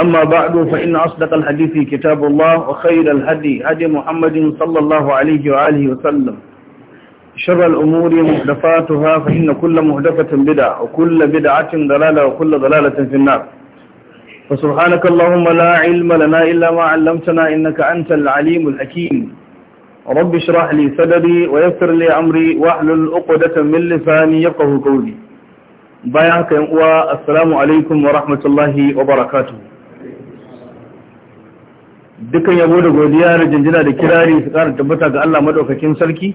أما بعد فإن أصدق الحديث كتاب الله وخير الهدي هدي محمد صلى الله عليه وآله وسلم شر الأمور محدثاتها فإن كل محدثة بدعة وكل بدعة ضلالة وكل ضلالة في النار فسبحانك اللهم لا علم لنا إلا ما علمتنا إنك أنت العليم الحكيم رب اشرح لي صدري ويسر لي أمري واحلل عقدة من لساني يفقه قولي بايعك يا السلام عليكم ورحمة الله وبركاته dukan yabo da godiya da jinjina da kirari su ƙara tabbata ga Allah madaukakin sarki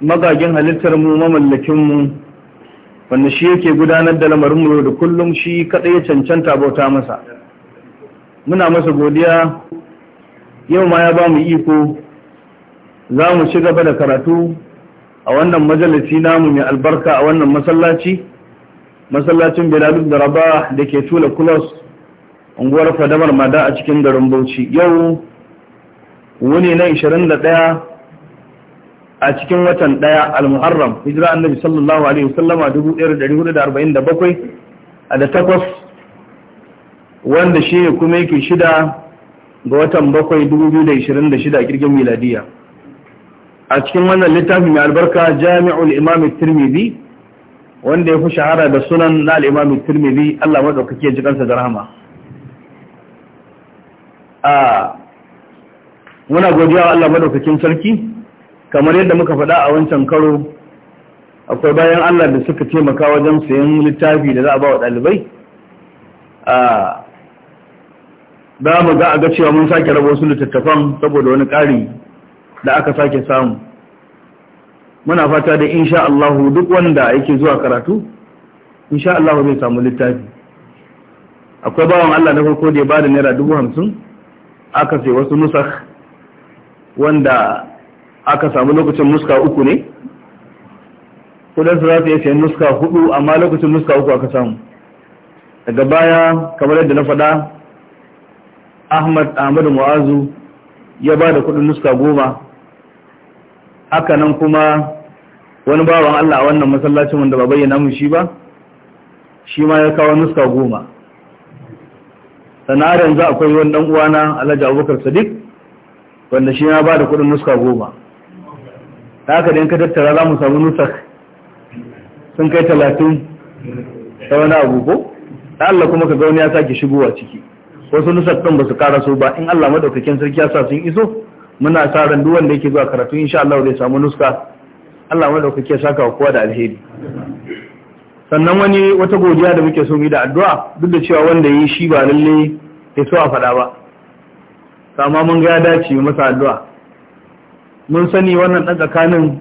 magagin halittar mu mamallakin mu wanda shi yake gudanar da lamarin mu da kullum shi kadai ya cancanta bauta masa muna masa godiya yau ma ya ba mu iko za mu ci gaba da karatu a wannan majalisi namu mai albarka a wannan masallaci masallacin Bilalud da da ke Tula Kulos unguwar fadamar mada a cikin garin bauchi yau wuni na 21 a cikin watan daya, al-muharram hijira annabi sallallahu alaihi wasallama 1447 a da takwas wanda shi ne kuma yake shida ga watan bakwai 2026 a kirgin miladiya a cikin wannan littafi mai albarka jami'ul imam tirmidhi wanda ya fi shahara da sunan na al-imam tirmidhi Allah madaukake ya ji kansa da rahama a muna godiya wa Allah madaukakin sarki kamar yadda muka faɗa a wancan karo akwai bayan Allah da suka taimaka wajen sayan littafi da za a ba wa ɗalibai a za mu ga a ga cewa mun sake rabo su littattafan saboda wani ƙari da aka sake samu muna fata da insha Allah duk wanda yake zuwa karatu insha Allah zai samu littafi akwai bawan Allah na farko da ya bada naira dubu hamsin aka ce wasu nusar wanda aka samu lokacin nuska uku ne kudansu za su iya sayan nuska hudu amma lokacin nuska uku aka samu daga baya kamar yadda na faɗa ahmad ahmadu mu'azu ya ba da kudin nuska goma haka nan kuma wani bawan allah a wannan masallacin wanda ba bayyana mu shi ba shi ma ya kawo nuska goma sanar yanzu akwai wani dan uwana Alhaji Abubakar Sadiq wanda shi ya bada kudin nuska goma haka da in ka tattara za mu samu nusak sun kai talatin ta wani abu ko Allah kuma ka ga wani ya sake shigowa ciki wasu nusak ɗin ba su kara so ba in Allah madaukakin sarki ya sa sun iso muna sa ran duk wanda yake zuwa karatu insha Allah zai samu nuska Allah madaukake ya saka kowa da alheri sannan wani wata godiya da muke so mu da addu'a duk da cewa wanda yi shi ba lalle ya so a faɗa ba Kama mun ga ya dace masa addu'a mun sani wannan ɗan tsakanin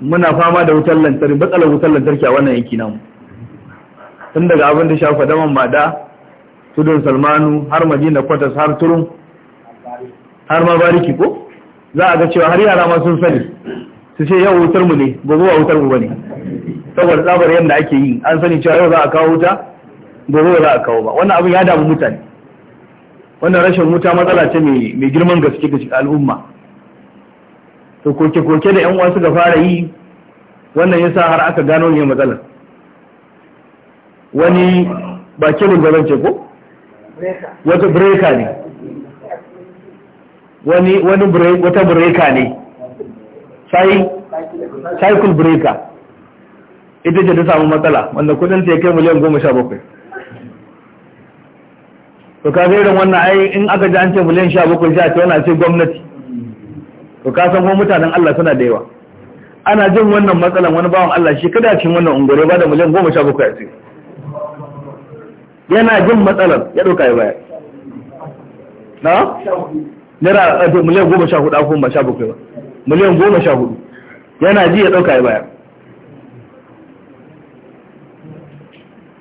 muna fama da wutar lantarki batsalar wutar lantarki a wannan yanki namu tun daga abin da shafa daman mada tudun salmanu har madina kwatas har turun har ma bariki ko za a ga cewa har yara ma sun sani su ce yau wutar mu ne gobe ba wutar mu bane saboda tsabar yadda ake yi an sani cewa yau za a kawo wuta gobe ba za a kawo ba wannan abin ya damu mutane wannan rashin wuta matsala ce mai girman gaske ga cikin al'umma to koke-koke da yan uwa suka fara yi wannan ya sa har aka gano ne matsalar wani ba kebul ba zan ce ko wata breka ne wani wata breka ne cycle breaker ita ce ta samu matsala wanda kudin ta kai miliyan goma sha bakwai to ka zai irin wannan ai in aka ji an ce miliyan sha bakwai sha ce wani ce gwamnati to ka san kuma mutanen Allah suna da yawa ana jin wannan matsalan wani bawan Allah shi kada cin wannan ungure ba da miliyan goma sha bakwai a ce yana jin matsalar ya ɗauka ya baya na? naira miliyan goma sha hudu a kuma sha bakwai ba miliyan goma sha hudu yana ji ya ɗauka ya baya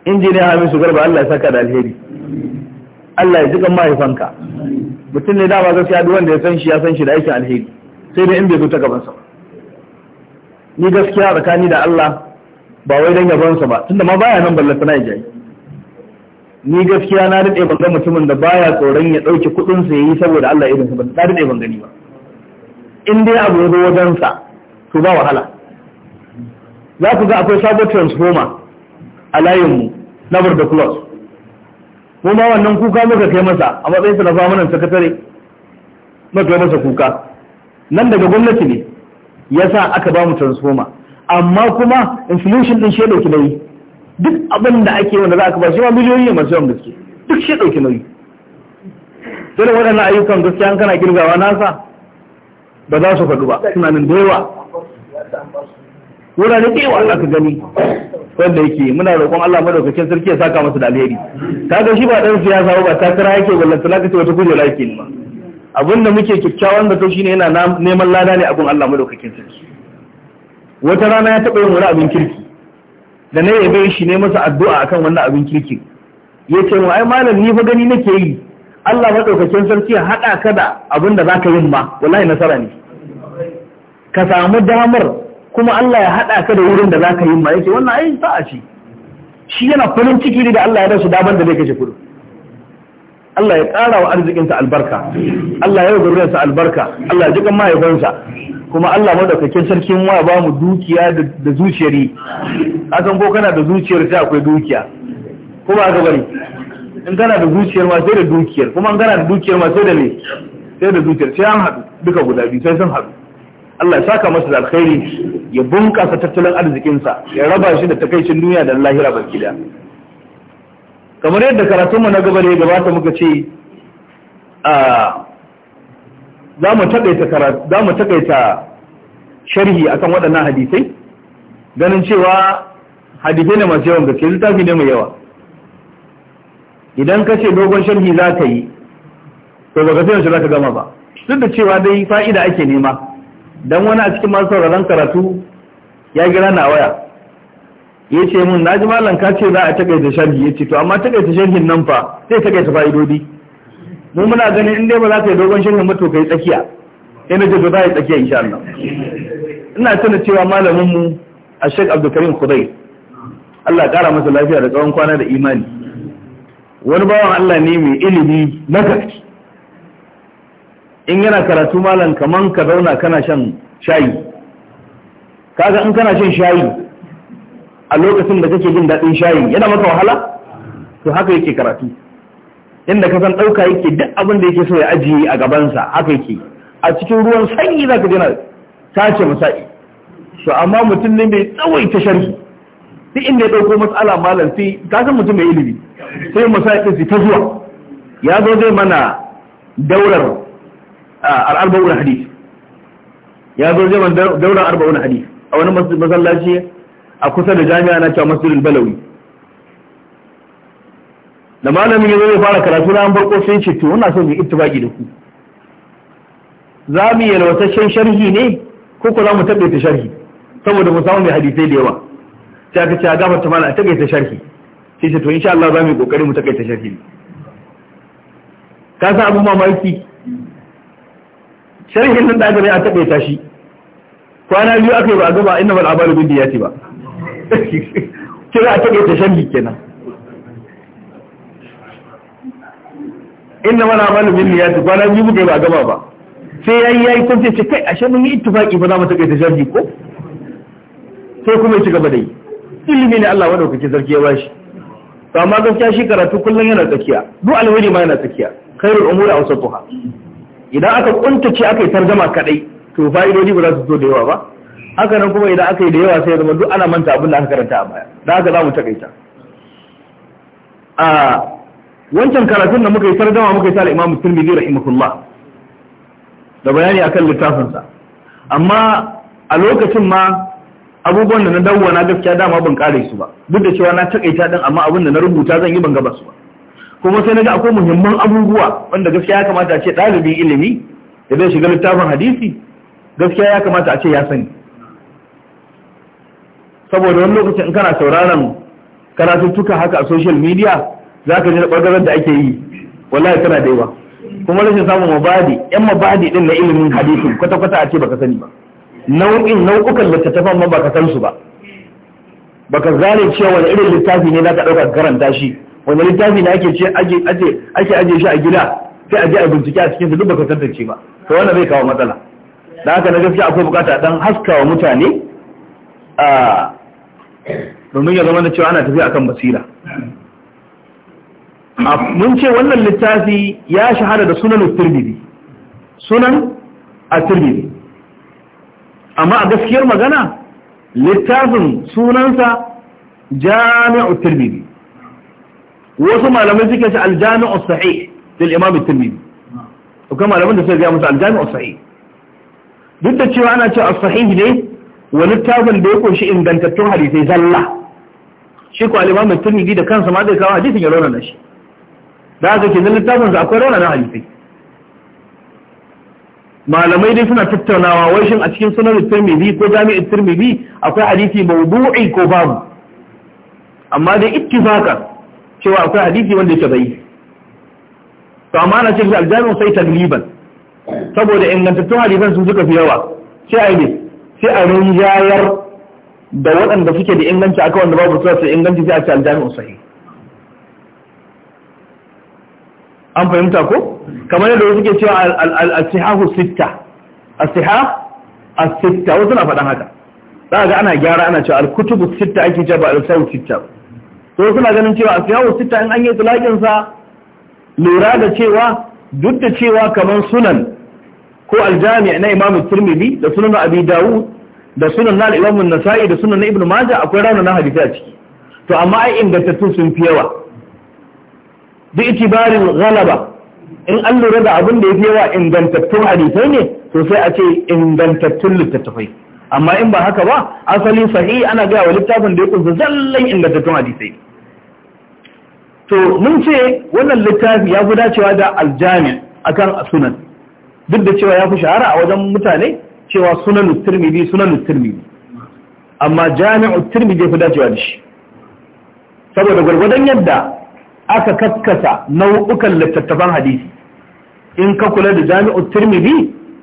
ne hamisu garba Allah ya saka da alheri Allah ya ji kan mahaifanka mutum ne dama gaskiya duk wanda ya san shi ya san shi da aikin alheri sai dai in bai zo ta gaban sa ni gaskiya tsakani da Allah ba wai dan gaban sa ba tunda ma baya nan ballata na jayi ni gaskiya na rike ban ga mutumin da baya tsoron ya dauki kudin sa yayi saboda Allah irin sa ba na rike ban gani ba in dai abu ya zo wajen sa to ba wahala za ku ga akwai sabon transformer a layinmu na burda plus mu ma wannan kuka muka kai masa a matsayin sa na zamanin sakatare muka kai masa kuka nan daga gwamnati ne yasa aka ba mu transformer amma kuma inflation din shi dauki nauyi duk abin da ake wanda za a ba shi ma miliyoyi ne masu yawan gaske duk shi dauki nauyi dole waɗannan ayyukan gaskiya an kana girgawa nasa ba za su faɗu ba suna nan da yawa wurare da wa Allah ka gani wanda yake muna roƙon Allah madaukakin sarki ya saka masa da alheri kaga shi ba dan siyasa ba takara yake wallahi talaka ce wata kujera yake ne ma abinda muke kikkiawan da to shine yana neman lada ne abun Allah madaukakin sarki wata rana ya taba yin wani abin kirki da na yabe shi ne masa addu'a akan wannan abin kirki ya ce wa ai malam ni fa gani nake yi Allah madaukakin sarki ya haɗa ka da abinda zaka yin ma wallahi nasara ne ka samu damar kuma Allah ya haɗa ka da wurin da za ka yi ma yake wannan ai sa'a ce shi yana farin ciki ne da Allah ya rasu daban da zai kashe kudu Allah ya ƙara wa arzikinsa albarka Allah ya yi sa albarka Allah ya jikan mahaifansa kuma Allah madaukakin sarkin wa ba mu dukiya da zuciyar yi akan ko kana da zuciyar sai akwai dukiya kuma aka bari in kana da zuciyar ma sai da dukiyar kuma in kana da dukiyar ma sai da me sai da zuciyar sai an haɗu duka guda biyu sai sun haɗu Allah ya saka masa alkhairi ya bunƙasa tattalin arzikinsa ya raba shi da takaicin duniya da lahira baki da. kamar yadda karatunmu na gaba da ya gabata muka ce za mu takaita sharhi akan waɗannan hadisai ganin cewa hadisai ne masu yawan gaske littafi ne mai yawa idan ka ce dogon sharhi za ka yi to ba ka sai za ka gama ba duk da cewa dai fa'ida ake nema Dan wani a cikin masu sauraron karatu ya gira na waya ya ce mun na ji malam ka ce za a takaita sharhi ya ce to amma takaita sharhin nan fa sai takaita fa'idodi mu muna ganin in dai ba za ka yi dogon sharhin ba to kai tsakiya sai na ce za a yi tsakiya insha Allah ina tana cewa malamin mu a shek Abdulkarim kudai Allah ƙara kara masa lafiya da tsawon kwana da imani wani bawan Allah ne mai ilimi na gaske in yana karatu malam kaman ka zauna kana shan shayi kaga in kana shan shayi a lokacin da kake jin daɗin shayi yana maka wahala to haka yake karatu inda ka san ɗauka yake duk abin da yake so ya ajiye a gabansa haka yake a cikin ruwan sanyi za ka jina tace masa'i to amma mutum ne mai tsawaita sharhi duk inda ya ɗauko matsala malam sai ka san mutum mai ilimi sai masa'i ɗin ta zuwa ya zo zai mana daurar al’arba’un hadith ya zo zaman daular arba'un hadith a wani masallaci a kusa da jami'a na cewa masallin balawi da malamin ya zo fara karatu na an farko sai ce to ina so mu ittifaqi da ku za mu yi yalwataccen sharhi ne ko ko za mu taɓe ta sharhi saboda mu samu mai hadisai da yawa sai aka ce a gafarta mana a taɓe ta sharhi sai ce to insha Allah za mu yi kokari mu taɓe ta sharhi ka san abin mamaki sharhin nan da aka mai a taɓe ta shi kwana biyu aka yi ba a gaba inna bal abalu ya diyati ba kira a taɓe ta shan kenan inna bal abalu bin diyati kwana biyu muka yi ba a gaba ba sai yayi yayi kun ce kai a mun yi ittifaki ba za mu taɓe ta shan ko sai kuma ya ci gaba da yi ilimi ne Allah wanda kuke sarki ya bashi to amma gaskiya shi karatu kullum yana tsakiya duk alwali ma yana tsakiya khairul umuri awsatuha idan aka kuntace aka yi tarjama kadai to fa'idodi ba za su zo da yawa ba haka nan kuma idan aka yi da yawa sai zama duk ana manta abin da aka karanta a baya da haka za mu takaita a wancan karatun da muka yi tarjama muka yi da imamu tirmidhi rahimahullah da bayani akan littafin sa amma a lokacin ma abubuwan da na na gaskiya dama ban kare su ba duk da cewa na takaita din amma abin da na rubuta zan yi ban gaba su ba kuma sai naga akwai muhimman abubuwa wanda gaskiya ya kamata a ce ɗalibin ilimi da zai shiga littafin hadisi gaskiya ya kamata a ce ya sani saboda wani lokacin in kana sauraron karatuttuka haka a social media za ka ji da ɓangaren da ake yi wallahi kana da yawa kuma rashin samun mabadi yan mabadi din na ilimin hadisi, kwata-kwata a ce baka sani ba nau'in nau'ukan littattafan ma baka san su ba baka gane cewa wani irin littafi ne za ka ɗauka karanta shi wanda littafi na ake ce ake ajiye shi a gida sai a je a bincike a cikin duk baka tantance ba to wannan zai kawo matsala da haka na gaskiya akwai bukata dan haskawa mutane a domin ya zama da cewa ana tafiya akan basira mun ce wannan littafi ya shahara da sunan at-tirmidhi sunan a tirmidhi amma a gaskiyar magana littafin sunansa jami'u at-tirmidhi wasu malamai suke shi aljami'u sahih lil imam at-tirmidhi to kuma malaman da suka ga musu aljami'u sahih duk da cewa ana cewa as-sahih ne wa littafin da ya kunshi ingantattun hadisai zalla shi ko al-imam at-tirmidhi da kansa ma zai kawo hadisin ya rawana shi da haka ke nan littafin sa akwai rawana hadisai malamai dai suna tattaunawa wai shin a cikin sunan tirmidhi ko jami'in tirmidhi akwai hadisi mawdu'i ko babu amma dai ittifaqan cewa akwai hadisi wanda yake bai to amma ana cikin aljami'u sai tagliban saboda ingantattun hadisan su suka fi yawa sai a yi sai a rinjayar da waɗanda suke da inganci akan wanda babu su inganci sai a ci aljami'u sai. an fahimta ko kamar yadda suke cewa al-sihahu sitta as-sihah as-sitta wasu na faɗan haka za ga ana gyara ana cewa al-kutubu sitta ake cewa ba al-sahu sitta ba To suna ganin cewa asiyawu sita in an yi tulakin lura da cewa duk da cewa kamar sunan ko aljami' na imamu tirmidhi da sunan abi dawud da sunan na imamu nasa'i da sunan na ibnu majah akwai rauna na hadisi a ciki to amma ai ingantattu sun fi yawa bi itibarin ghalaba in an lura da abin da ya fi yawa ingantattun hadisai ne to sai a ce ingantattun littattafai amma in ba haka ba asali sahi ana gaya wa littafin da ya kunsa zallan ingantattun hadisai to mun ce wannan littafi ya fi dacewa da aljami akan sunan duk da cewa ya fi shahara a wajen mutane cewa sunan turmidi sunan turmidi amma jami'u turmidi fi dacewa da shi saboda gwargwadon yadda aka kaskasa nau'ukan littattafan hadisi in ka kula da jami'u turmidi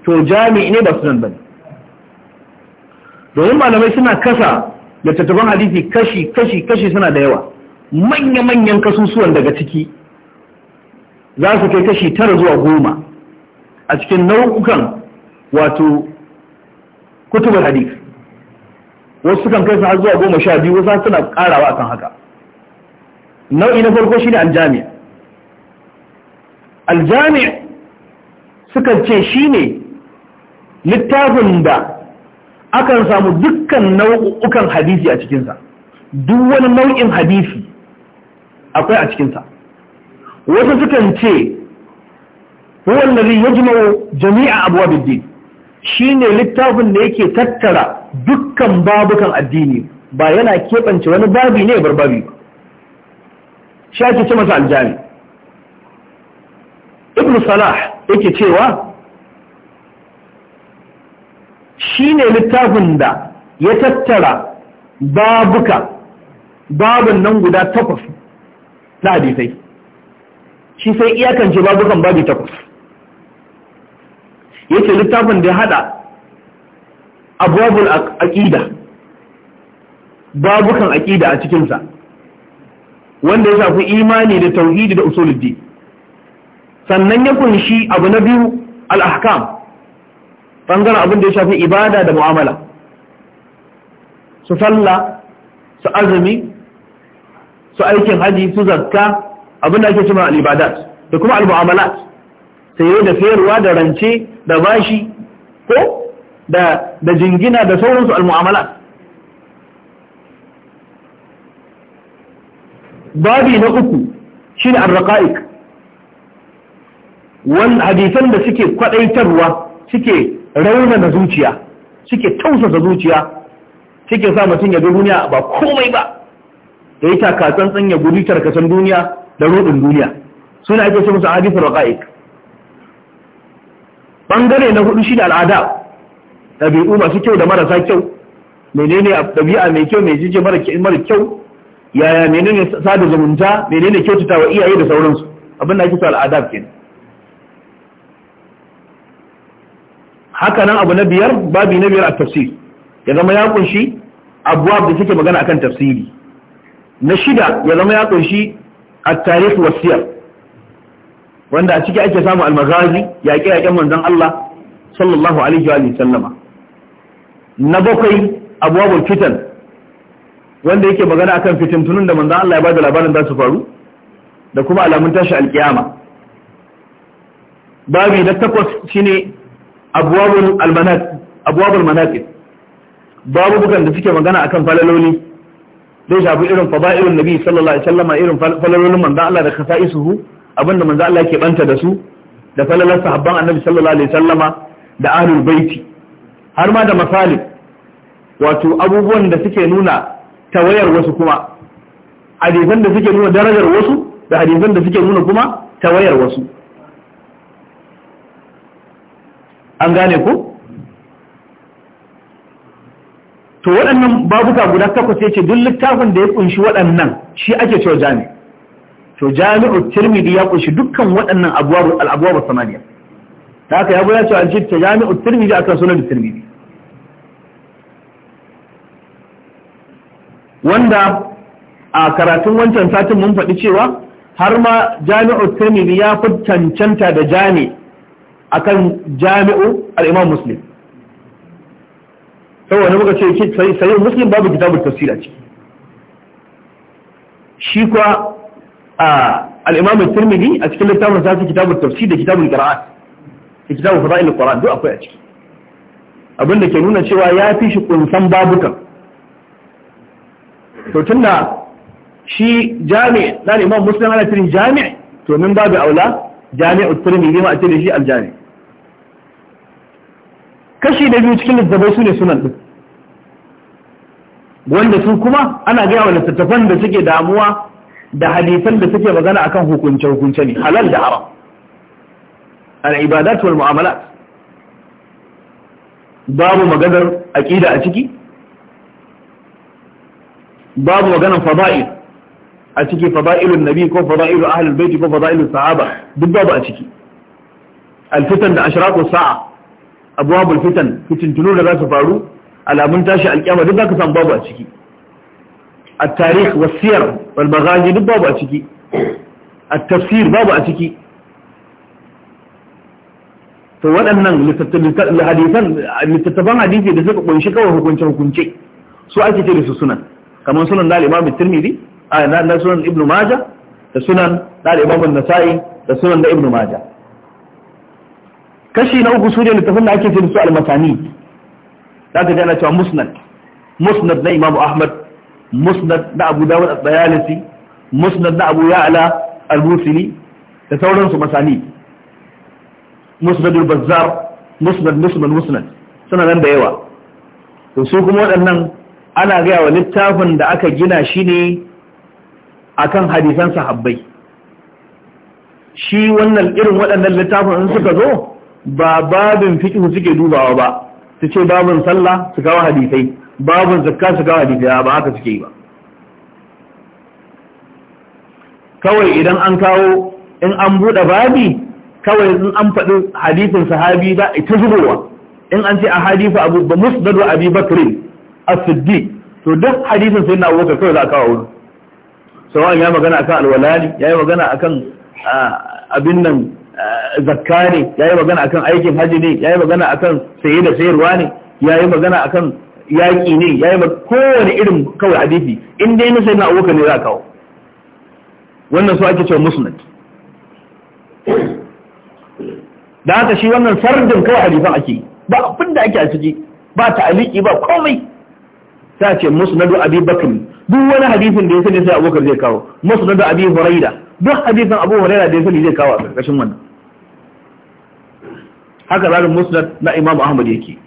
to jami'i ne ba sunan bane domin malamai suna kasa littattafan hadisi kashi kashi kashi suna da yawa manya-manyan kasusuwan daga ciki za su kai kashi tara zuwa goma a cikin nau'ukan wato kutubar hadith wasu sukan kai su har zuwa goma sha biyu wasu suna karawa akan haka nau'i na farko shi ne aljami'a. Aljami'a sukan ce shi ne littafin da akan samu dukkan nau'ukan hadisi a cikinsa duk wani nau'in hadisi akwai a cikinsa wasu sukan ce huwan da yajma'u jami'a abwab ad shi ne littafin da yake tattara dukkan babukan addini ba yana keɓance wani babi ne bar babi ba shi ake ce masa aljami ibn salah yake cewa Shi ne littafin da ya tattara babuka babin nan guda takwas na hadisai shi sai iyakance babukan babi takwas ce littafin da ya hada abubuwan aqida babukan aƙida a cikinsa, wanda ya shafi imani da tauhidi da usulidi sannan ya kunshi abu na biyu al-ahkam bangaren abin da ya shafi ibada da mu'amala su sallah su azumi su aikin haji su zakka abin da ake cewa al da kuma al-mu'amalat da sayarwa da rance da bashi ko da jingina da sauransu al-mu'amalat babi na uku shi ne raqaiq wal hadisan da suke kwadaitarwa suke na zuciya suke tausasa zuciya suke sa mutum ya ga duniya ba komai ba da ita ka tsantsan ya guji tarkacin duniya da rodin duniya suna ake ce musu hadithar raqa'iq bangare na hudu shine al'ada Ɗabi'u masu kyau da marasa kyau menene dabi'a mai kyau mai jije mara kyau yaya menene sada zumunta menene kyautatawa iyaye da sauransu abin da ake sa al'adab kenan haka nan abu na biyar babi na biyar a tafsir ya zama ya kunshi abuwa da suke magana akan tafsiri na shida ya zama ya kunshi a tarih wasiyar wanda a ciki ake samu almagazi yaƙe yaƙen manzon Allah sallallahu alaihi wa sallama na bakwai abuwa fitan wanda yake magana akan fitintunun da manzon Allah ya bada labarin za su faru da kuma alamun tashi alkiyama babi na takwas shine abuwabul manaqib babu bukan da suke magana akan falaloli zai shafi irin fada'ilun nabi sallallahu alaihi wasallam irin falalolin manzo Allah da hu, abinda manzo Allah yake banta da su da falalar sahabban annabi sallallahu alaihi wasallama da ahlul baiti har ma da masalib wato abubuwan da suke nuna tawayar wasu kuma hadisan da suke nuna darajar wasu da hadisan da suke nuna kuma tawayar wasu an gane ku to waɗannan babuka guda takwas ce duk littafin da ya kunshi waɗannan shi ake cewa jami to jami'u turmidi ya kunshi dukkan waɗannan al'abuwa ba samaniya ta haka ya goya cewa an ce jami'u tirmidhi suna sunan turmidi. wanda a karatun wancan satin mun faɗi cewa har ma jami'u turmidi ya fi cancanta da jami' akan jami'u al-imam muslim wani muka ce sai sai muslim babu kitabul tafsir a ciki shi kuwa al-imam at a cikin littafin sa kitabul tafsir da kitabul qira'at da kitabul fada'il al-quran duk akwai a ciki abinda ke nuna cewa ya fi shi kunsan babukan to tunda shi jami' dan imam muslim ana tirin jami' to min babu aula jami'u ne ma a ce da shi aljami kashi da biyu cikin littattafai su ne sunan din wanda su kuma ana ga wa littattafan da suke damuwa da hadisan da suke magana akan hukunce-hukunce ne halal da haram ibadat wal mu'amalat babu maganar aqida a ciki babu maganar fada'il a ciki fada'ilun nabi ko fada'ilu ahlul baiti ko fada'ilu sahaba duk babu a ciki alfitan da ashraqu sa'a abwabul fitan fitintunu da za su faru alamun tashi alƙiyama, duk zaka san babu a ciki at-tarikh was-siyar wal maghazi duk babu a ciki at-tafsir babu a ciki to waɗannan littattafan hadisi da suka kunshi kawai hukunce-hukunce su ake ce da su sunan kamar sunan da al-imam tirmidhi na sunan ibnu maja da sunan da imamun nasa'i da sunan da ibnu maja kashi na uku sune littafin da ake jinsu al-matani za ka gana cewa musnad musnad na imamu ahmad musnad na abu dawud al-bayalisi musnad na abu ya'la al-busili da sauransu masani musnadul bazzar musnad musnad musnad suna nan da yawa to su kuma waɗannan ana gaya wa littafin da aka gina shi ne akan hadisan sahabbai shi wannan irin waɗannan littafin in suka zo ba babin fiqh suke dubawa ba su ce babin sallah su kawo hadisai babin zakka su kawo hadisai ba haka suke yi ba kawai idan an kawo in an buɗe babi kawai in an faɗi hadisin sahabi za a ta zubowa in an ce a hadifu abu ba dadu abi bakirin a siddi to duk hadisin sai na abubakar kawai za a kawo wani sauran ya magana akan alwalani, ya yi magana akan abin nan zakka ne ya yi magana akan aikin hajji ne ya yi magana akan saye da sayarwa ne ya yi magana akan yaƙi ne ya yi kowane irin kawai hadisi in dai na sayyidina abubakar ne za a kawo wannan su ake cewa musnad da haka shi wannan sardin kawai hadisan ake yi, ba abin da ake a ciki ba ta'aliki ba komai sai ce musnadu abi bakri duk wani hadisin da ya sani sai abubakar zai kawo musu da abi huraira duk hadisin abu huraira da ya sani zai kawo a ƙarƙashin wannan haka zarin musnad na imam ahmad yake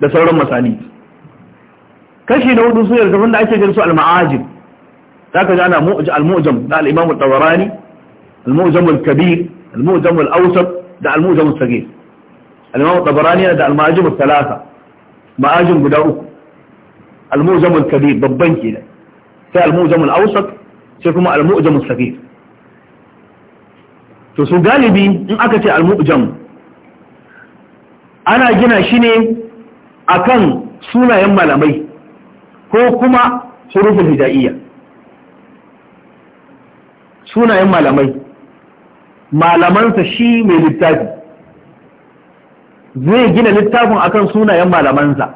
da sauran masani kashi na hudu su yarda da ake ganin su al-ma'ajib zaka ji ana al-mu'jam da al-imam al-tawarani al-mu'jam al-kabir al-mu'jam al-awsat da al-mu'jam al-saghir al-imam al-tawarani da al-ma'ajib al-thalatha ma'ajib guda uku al-mujamul kabir babban kenan sai al-mujamul awsat sai kuma al-mujamul saghir su galibi in aka ce al-mujam ana gina shi ne akan sunayen malamai ko kuma huruful hidayiyya malamai malamansa shi mai littafi zai gina littafin akan sunayen malamansa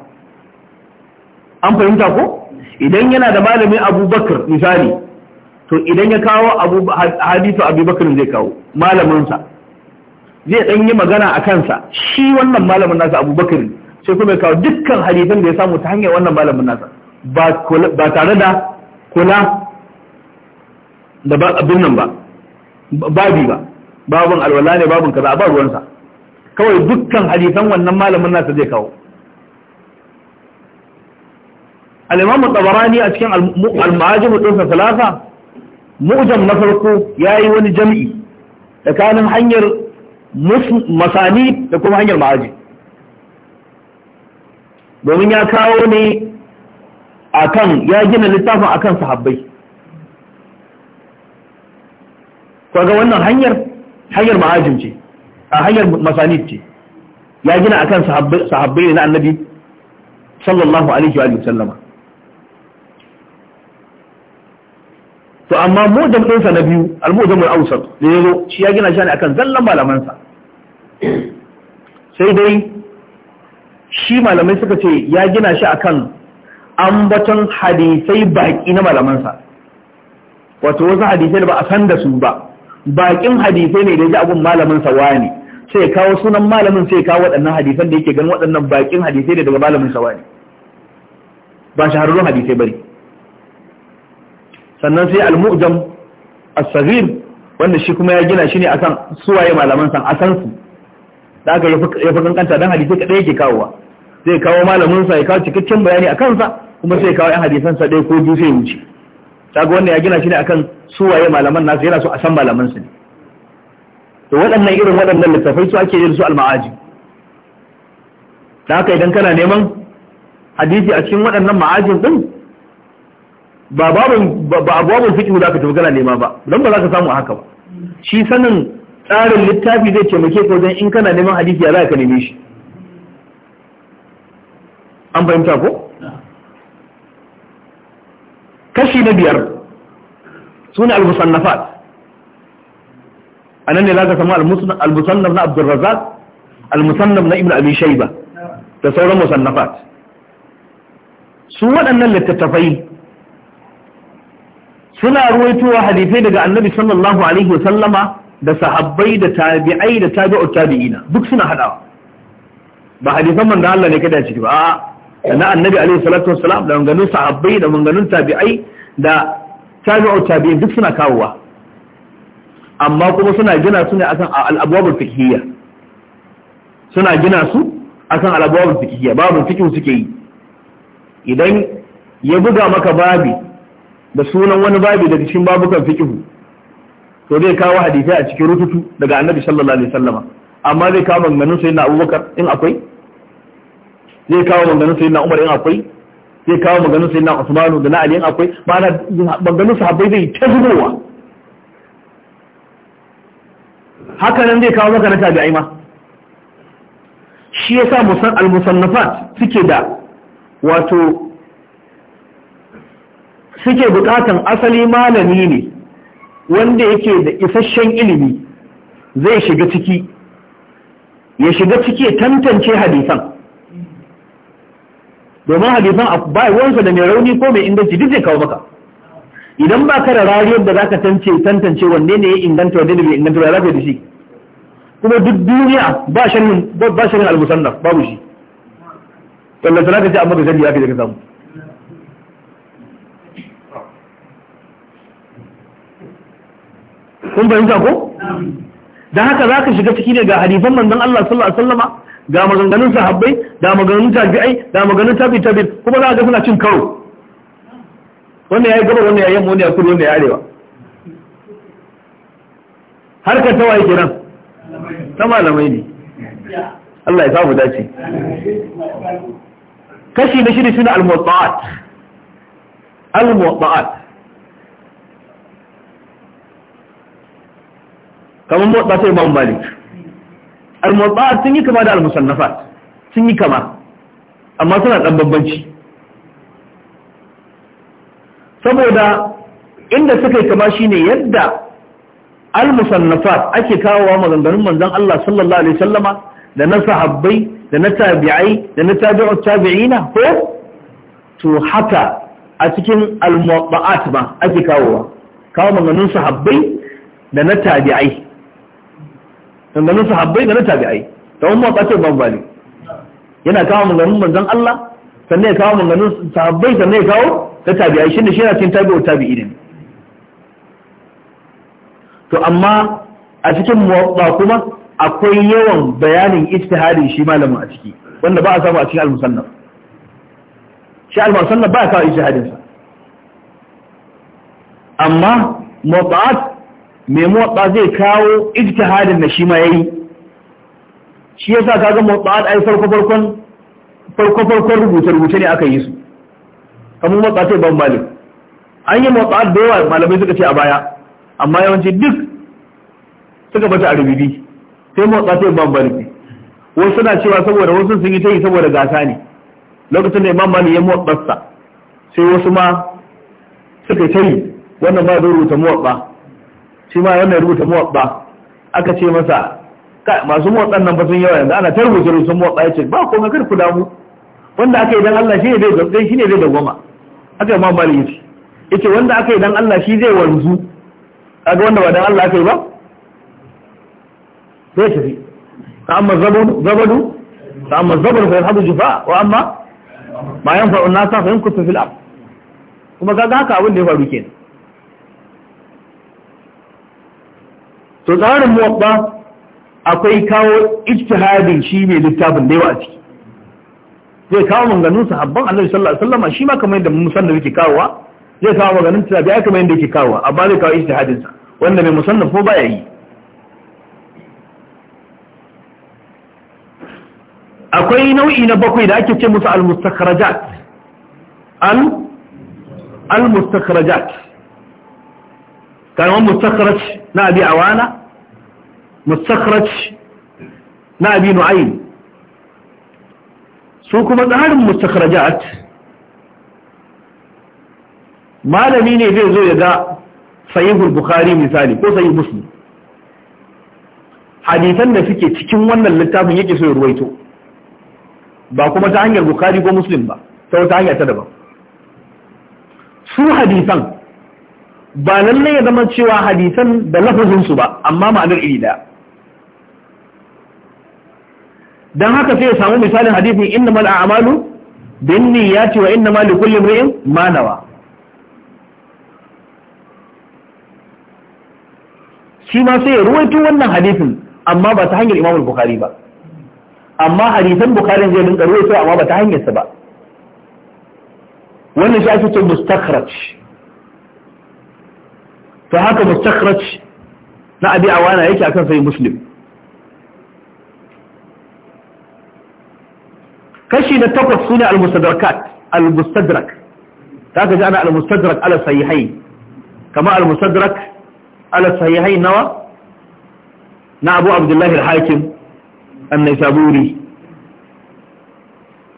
an fahimta ko idan yana da malamin abubakar misali to idan ya kawo hadisu abubakar zai kawo malaminsa zai dan yi magana a kansa shi wannan malamin nasa abubakar sai kuma ya kawo dukkan hadisan da ya samu ta hanyar wannan malamin nasa ba tare da kula da abin nan ba babi ba babin alwala ne babin kaza ba ruwansa kawai dukkan hadisan wannan malamin nasa zai kawo al-imam a cikin al-mu'ajim dinsa salasa na farko ya yi wani jami'i tsakanin hanyar masani da kuma hanyar ma'aji domin ya kawo ne akan ya gina littafin akan sahabbai kaga wannan hanyar hanyar ma'ajin ce a hanyar masanid ce ya gina akan sahabbai na annabi sallallahu alaihi wa sallama to amma mujam ɗinsa na biyu al-mujam al-awsat ne yazo shi ya gina shi akan zallan malaman sa sai dai shi malamai suka ce ya gina shi akan ambaton hadisai baki na malaman sa wato wasu hadisai ba a san da su ba bakin hadisai ne da ji abun malamin sa wani sai kawo sunan malamin sai kawo waɗannan hadisan da yake ganin waɗannan bakin hadisai da daga malamin sa wani ba shahararrun hadisai bari sannan sai al-mu'jam as-saghir wanda shi kuma ya gina shi ne akan suwaye malaman san asan su da aka ya fi kankanta dan hadisi kadai yake kawowa zai kawo malamin sa ya kawo cikakken bayani akan sa kuma sai ya kawo yan hadisan sa dai ko biyu sai wuce kaga wanda ya gina shi ne akan suwaye malaman nasu yana so a san malaman su ne to waɗannan irin waɗannan littafai su ake yin su al-ma'aji da haka idan kana neman hadisi a cikin waɗannan ma'ajin din ba babin ba babin fiqh da aka tafi kana nema ba don ba za ka samu haka ba shi sanin tsarin littafi zai taimake ka wajen in kana neman hadisi ya za ka neme shi an fahimta ko kashi na biyar sune al-musannafat anan ne za ka samu al-musannaf na Abdurrazzaq al-musannaf na Ibn Abi Shayba da sauran musannafat su waɗannan littattafai suna ruwaitowa hadisai daga annabi sallallahu alaihi wa sallama da sahabbai da tabi'ai da tabi'ut tabi'ina duk suna hadawa ba hadisan manzo Allah ne kada ciki ba a na annabi alaihi salatu wassalam da manganun sahabbai da manganun tabi'ai da tabi'ut tabi'in duk suna kawowa amma kuma suna gina su ne akan al-abwabul fiqhiyya suna gina su akan al-abwabul fiqhiyya babun fiqh suke yi idan ya buga maka babi da sunan wani babi daga cikin babukan fiqhu to zai kawo hadisai a cikin rututu daga annabi sallallahu alaihi wasallama amma zai kawo maganganun sayyidina abubakar in akwai zai kawo maganganun sayyidina umar in akwai zai kawo maganganun sayyidina usman da na ali in akwai ma'ana maganganun sahabbai zai ta zubowa haka nan zai kawo maka na tabi'ai ma shi yasa musannafat suke da wato suke bukatan asali malami ne wanda yake da isasshen ilimi zai shiga ciki ya shiga ciki ya tantance hadisan domin hadisan ba wansa da mai rauni ko mai inganci duk zai kawo maka idan ba ka da rariyar da za ka tantance wanne ne ya inganta wanne ne bai inganta ba za ka da shi kuma duk duniya ba shirin al-musannaf babu shi tallata za ka ce amma da zai ya ka samu kun fahimta ko da haka za ka shiga ciki ne ga hadisan manzon Allah sallallahu alaihi wasallama ga maganganun sahabbai ga maganganun tabi'ai ga maganganun tabi tabi kuma za ka ga suna cin karo wanda yayi gaba wanda yayi yamma wanda ya kudu wanda ya arewa Har ka tawaye kenan ta malamai ne Allah ya samu dace kashi na shida shine al-muwatta'at al-muwatta'at kamar motsa sai imam malik al-motsa sun yi kama da al-musannafa sun yi kama amma suna dan bambanci saboda inda suka yi kama shine yadda al musannafa ake wa maganganun manzon Allah sallallahu alaihi wasallama da na sahabbai da na tabi'ai da na tabi'u tabi'ina ko to haka a cikin al-muwatta'at ba ake kawo kawo maganganun sahabbai da na tabi'ai maganganun sahabbai da na tabi'ai ta umma ba ce bambali yana kawo maganganun manzon Allah sannan ya kawo maganganun sahabbai sannan ya kawo ta tabi'ai shine shi yana cin tabi'u tabi'i ne to amma a cikin muwaffa kuma akwai yawan bayanin ijtihadi shi malamin a ciki wanda ba a samu a cikin al-musannaf shi al-musannaf ba a kawo ijtihadin sa amma muwaffa'at mai motsa zai kawo halin da shi ma yayi shi yasa ga motsa ai farko farkon farko farkon rubuce rubuce ne aka yi su kamar motsa sai ban malik an yi motsa da yawa malamai suka ce a baya amma yawanci duk suka bata a rububi sai motsa sai ban malik wasu suna cewa saboda wasu sun yi ta yi saboda gasa ne lokacin da imam malik ya motsa sai wasu ma suka ta yi wannan ba zai rubuta motsa shi ma wannan rubuta muwabba aka ce masa masu motsan nan ba sun yawa yanzu ana tarbuce rusun motsa ya ce ba komai karku damu wanda aka yi dan Allah shi ne zai gamsai shi ne zai dawwama aka yi mamali ya ce ya ce wanda aka yi dan Allah shi zai wanzu kaga wanda ba dan Allah aka yi ba zai tafi ta amma zabadu ta amma Zabadu, fa yalhadu jufa wa amma ma yanfa'u nasa fa yankutu fil ab kuma kaga haka abin da ya faru kenan to tsarin muwabba akwai kawo ijtihadin shi ne littafin da yawa a ciki zai kawo maganganun sahabban annabi sallallahu alaihi wasallam shi ma kamar yadda musannaf yake kawowa zai kawo maganganun ya kamar yadda yake kawowa amma zai kawo ijtihadin sa wanda mai musannaf ko baya yi akwai nau'i na bakwai da ake ce musu al-mustakhrajat al al-mustakhrajat kamar mustakhraj na abi awana mustakhraj na abi nu'aym su kuma tsarin mustakhrajat malami ne zai zo ya ga sahihul bukhari misali ko sahih muslim hadisan da suke cikin wannan littafin yake so ya ruwaito ba kuma ta hanyar bukhari ko muslim ba ta wata hanya ta daban su hadisan ba lallai ya zama cewa hadisan da lafazinsu ba amma ma'anar iri daya don haka sai ya samu misalin hadisin inna mal a'malu bin niyyati wa inna mali kulli imrin ma nawa shi ma sai ya ruwaito wannan hadisin amma ba ta hanyar Imam Bukhari ba amma hadisan Bukhari zai dinka ruwaito amma ba ta hanyar sa ba wannan shi ake ce mustakhraj to haka mustakhraj na abi awana yake akan sai muslim kashi na takwas sune al-mustadrakat al-mustadrak ta kaji ana al-mustadrak ala sahihai kama al-mustadrak ala sahihai nawa na abu abdullahi al-hakim an-naisaburi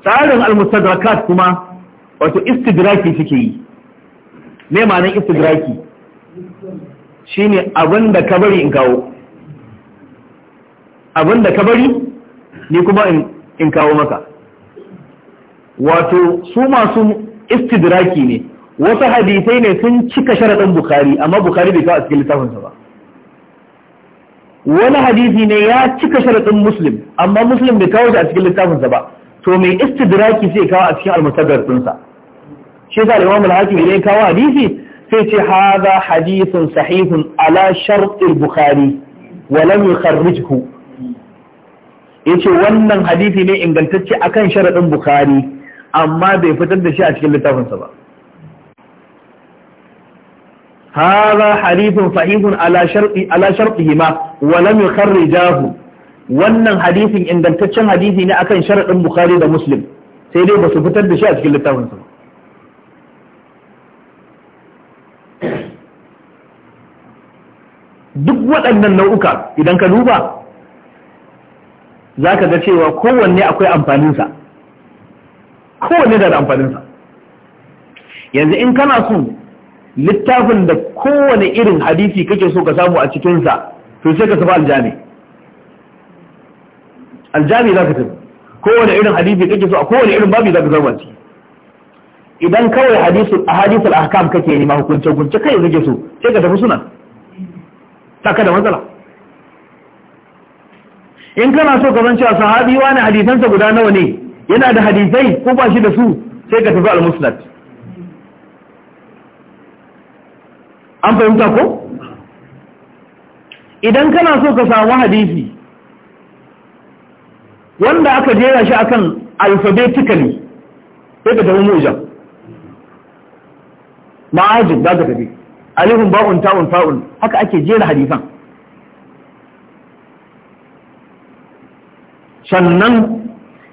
tsarin al-mustadrakat kuma wato istidraki suke yi me ma'anin istidraki shine ne abinda ka bari in kawo abin ka bari ni kuma in kawo maka wato su masu istidraki ne wasu hadisai ne sun cika sharaɗin bukari amma bukari bai kawo a cikin littafinsa ba wani hadisi ne ya cika sharaɗin muslim amma muslim bai kawo a cikin littafinsa ba to mai istidraki sai kawo a cikin almustadar ɗinsa shi yasa al-imam al-hakim ya kawo hadisi sai ce haza hadithun sahihun ala sharɗin bukhari walam yukharrijhu yace wannan hadisi ne ingantacce akan sharaɗin bukhari amma bai fitar da shi a cikin littafinsa ba haza hadithun sahihun ala sharɗi ala sharɗihi ma walam yukharrijahu wannan hadisin ingantaccen hadisi ne akan sharaɗin bukhari da muslim sai dai ba su fitar da shi a cikin littafinsa ba duk waɗannan nau'uka idan ka duba za ka ga cewa kowanne akwai amfaninsa kowanne da amfaninsa yanzu in kana so littafin da kowane irin hadisi kake so ka samu a cikinsa to sai ka tafi aljami aljami za ka tafi kowane irin hadisi kake so a kowane irin babi za ka zama ciki idan kawai hadisul ahkam kake nema hukunce hukunce kai kake so sai ka tafi sunan taka da matsala in kana so ka zance a sahabi ne hadisansa guda nawa ne yana da hadisai ko ba shi da su sai ka tafi al musulat an fahimta ko idan kana so ka samu hadisi wanda aka jera shi akan alphabetically sai ka tafi mujan ma'ajin za ka tafi alihun ba'un ta'un fa'un haka ake jera hadisan sannan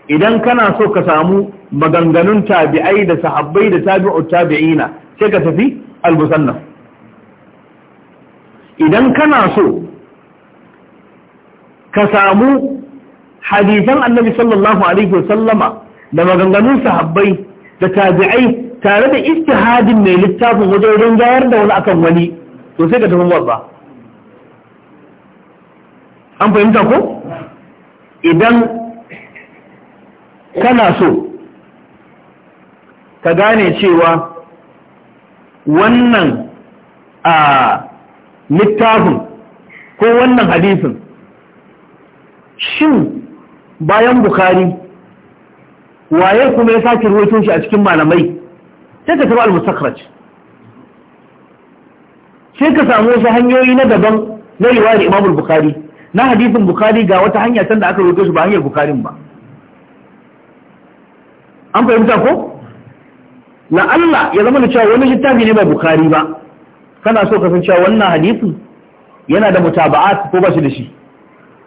idan kana so ka samu maganganun tabi'ai da sahabbai da tabi'u tabi'ina sai ka tafi albusannan. idan kana so ka samu hadisan annabi sallallahu alaihi wasallama da maganganun sahabbai da tabi'ai tare da istihadin mai littafin wajen rungayar da wani akan wani to sai ka tafi wazza an fahimta ko idan kana so ka gane cewa wannan a littafin ko wannan hadisin shin bayan bukari waye kuma ya sake ruwaito shi a cikin malamai sai ka samu al-mustakhraj sai ka samu wasu hanyoyi na daban na riwayar Imam al-Bukhari na hadisin Bukhari ga wata hanya can da aka roƙe shi ba hanyar Bukharin ba an fahimta ko la Allah ya zama da cewa wani littafi ne ba Bukhari ba kana so ka san cewa wannan hadisin yana da mutaba'at ko ba shi da shi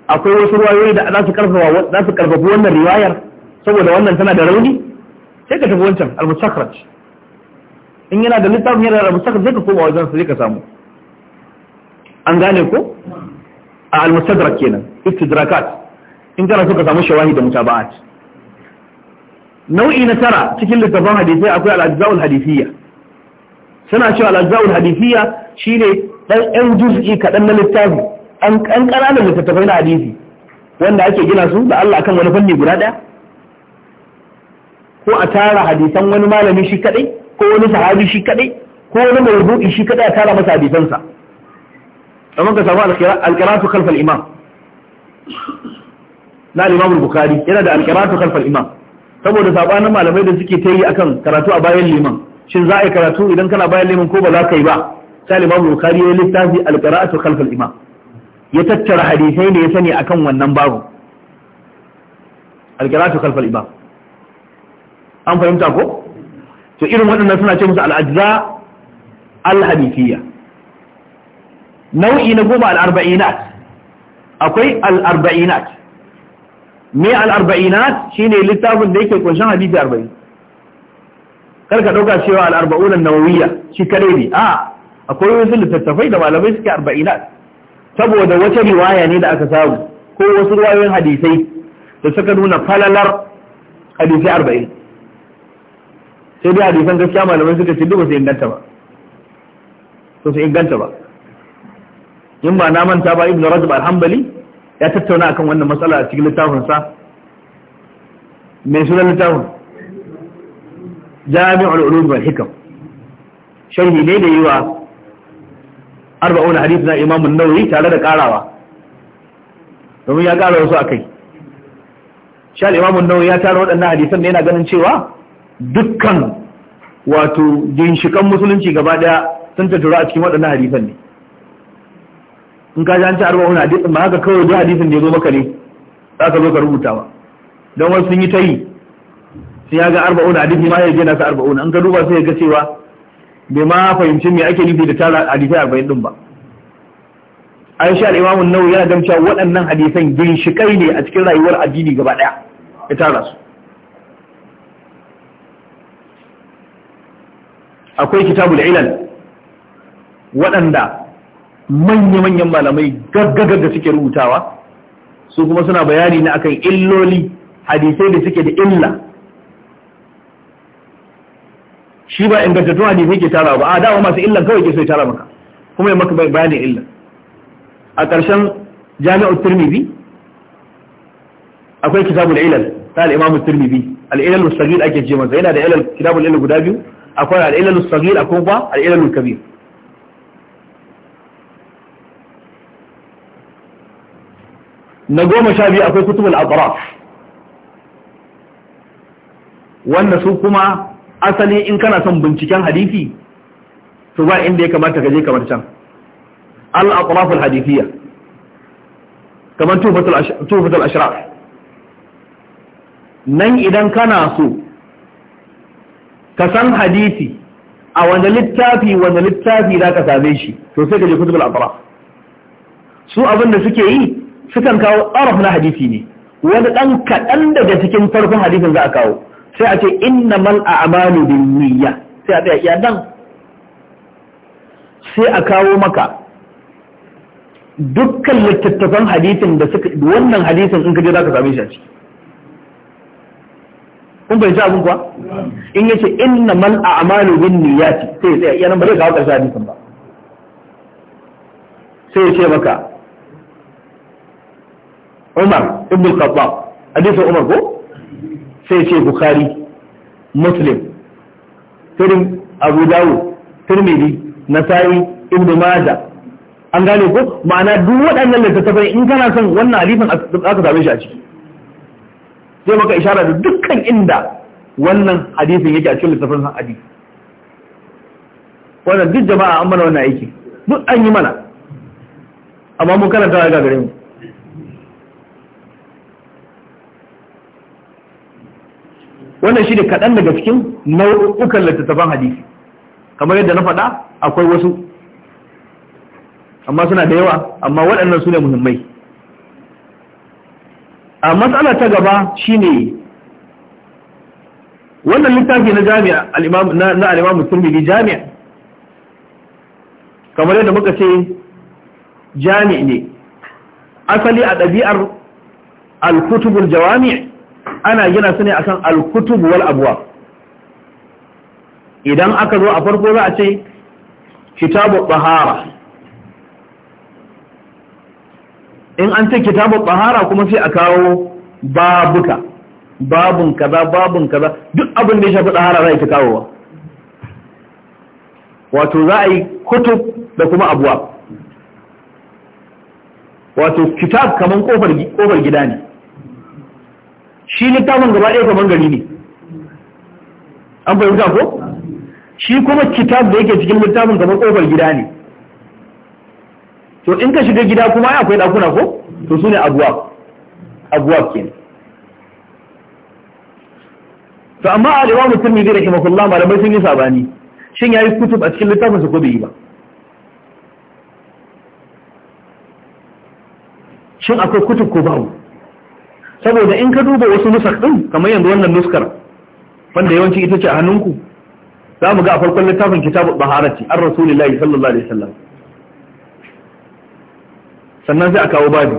akwai wasu riwayoyi da za su karfafa za su karfafa wannan riwayar saboda wannan tana da rauni sai ka tafi wancan al-mustakhraj in yana da littafin yana da mustadrak zai ka koma wajen su zai ka samu an gane ko a al kenan iftidrakat in kana so ka samu shawahi da mutaba'at nau'i na tara cikin littafin hadisai akwai al hadisiya suna cewa al hadisiya shi shine dan ɗan juz'i kaɗan na littafi an kankana da littattafai na hadisi wanda ake gina su da Allah akan wani fanni guda ɗaya ko a tara hadisan wani malami shi kaɗai ko wani sahabi shi kadai ko wani mai mawdu'i shi kadai a tara masa hadisansa amma ka samu alƙiratu kalfal al-imam na al bukari yana da alƙiratu kalfal al-imam saboda sabanin malamai da suke ta tayi akan karatu a bayan liman shin za a yi karatu idan kana bayan liman ko ba za ka yi ba sai al bukari al-bukhari ya littafi alqiratu khalf al-imam ya tattara hadisai da ya sani akan wannan babu Alƙiratu kalfal al-imam an fahimta ko to irin waɗannan suna ce musu al'ajza al-hanifiyya nau'i na goma al akwai al-arba'inat me al-arba'inat shine littafin da yake ƙunshin hadisi 40 karka ɗauka cewa al'arba'unan arbaun an-nawawiyya shi kare ne a akwai wasu littattafai da malamai suke arba'inat saboda wata riwaya ne da aka samu ko wasu riwayoyin hadisai da suka nuna falalar Hadisai arba'in. sai dai hadisan gaskiya malamai suka ce duk ba su inganta ba to su inganta ba in ba na manta ba ibnu rajab al-hanbali ya tattauna akan wannan matsala a cikin littafin sa mai sunan littafin jami'ul ulum wal hikam sharhi ne da yiwa arba'un hadith na imam an-nawawi tare da karawa domin ya kara wasu akai sha al-imam an-nawawi ya tara waɗannan hadisan ne yana ganin cewa dukkan wato ginshikan musulunci gaba daya sun tattura a cikin waɗannan hadisan ne in ka janci an ci hadisan, hadisin ba haka kawai da hadisin da ya zo maka ne za ka zo ka rubuta ba don wasu sun yi ta yi sun ya ga arba'un hadisi ma ya gina sa arba'un an ka duba sai ya ga cewa bai ma fahimci me ake nufi da tara hadisai arba'in din ba aisha al-imamu nawawi yana gamcewa waɗannan hadisan ginshikai ne a cikin rayuwar addini gaba ɗaya ya tara su akwai kitabul ilal waɗanda manya-manyan malamai da suke rubutawa su kuma suna bayani na akan illoli hadisai da suke da illa shi ba ingantattun hadisai ke tara ba a dawa masu illan kawai ke so tara maka kuma ya maka bayani illa a ƙarshen jami'ar turmibi akwai kitabul ilal ta al'imamu turmibi al'ilal musagil ake ce masa yana da ilal kitabul ilal guda biyu akwai al'ilalus sagir akwai ba al'ilalul kabir na goma sha biyu akwai kutubul atraf wanda su kuma asali in kana son binciken hadisi Su ba inda ya kamata ka je kamar can al-atraf al-hadithiyya kamar tufatul ashraf nan idan kana so ka san hadisi a wanda littafi wanda littafi za ka same shi to sai ka je kutubul atraf su abin da suke yi sukan kawo araf na hadisi ne wani dan kaɗan daga cikin farkon hadisin za a kawo sai a ce innamal a'malu binniyya sai a tsaya iya dan sai a kawo maka dukkan littattafan hadisin da suka wannan hadisin in ka je za ka same shi a ciki kun bai ji abin kuwa in yace inna mal a'malu bin niyyati sai sai yana ba zai kawo karshen hadisin ba sai ya ce maka Umar ibn al-Khattab hadisin Umar ko sai ya ce Bukhari Muslim Tirmidhi Abu Dawud Tirmidhi Nasa'i Ibn Majah an gane ko ma'ana duk waɗannan littattafai in kana son wannan alifin aka same shi a ciki sai maka ishara da dukkan inda wannan hadisin yake a cikin littafin hadisi wannan duk jama'a an mana wannan aiki duk an yi mana amma mun karanta ga gare mu wannan shi ne kaɗan daga cikin nau'ukan littattafan hadisi kamar yadda na faɗa akwai wasu amma suna da yawa amma waɗannan su ne muhimmai a matsala ta gaba shine wannan littafi na jami'a na na al jami'a kamar yadda muka ce jami'a ne asali a ɗabi'ar al jawami'a ana gina su ne a al alkutubuwal abuwa idan aka zo a farko za a ce kitabu bahara in an ce kitabun tsahara kuma sai a kawo babuka babun kaza babun kaza duk abin da ya shafi tsahara za a yi kawowa wato za a yi kutub da kuma abuwa wato kitab kaman kofar gida ne shi littafin gaba ɗaya kaman gari ne an fahimta ko shi kuma kitab da yake cikin littafin kaman kofar gida ne to in ka shiga gida kuma akwai ɗakuna ko to su ne abuwa abuwa kenan to amma a limamu turmidi da himakullah bai sun yi sabani shin ya yi kutub a cikin littafinsa ko bai yi ba shin akwai kutub ko babu saboda in ka duba wasu nusak ɗin kamar yanzu wannan nuskar wanda yawanci ita ce a hannunku za mu ga a farkon littafin kitabul baharati an rasulillahi sallallahu alaihi wasallam sannan sai a kawo babi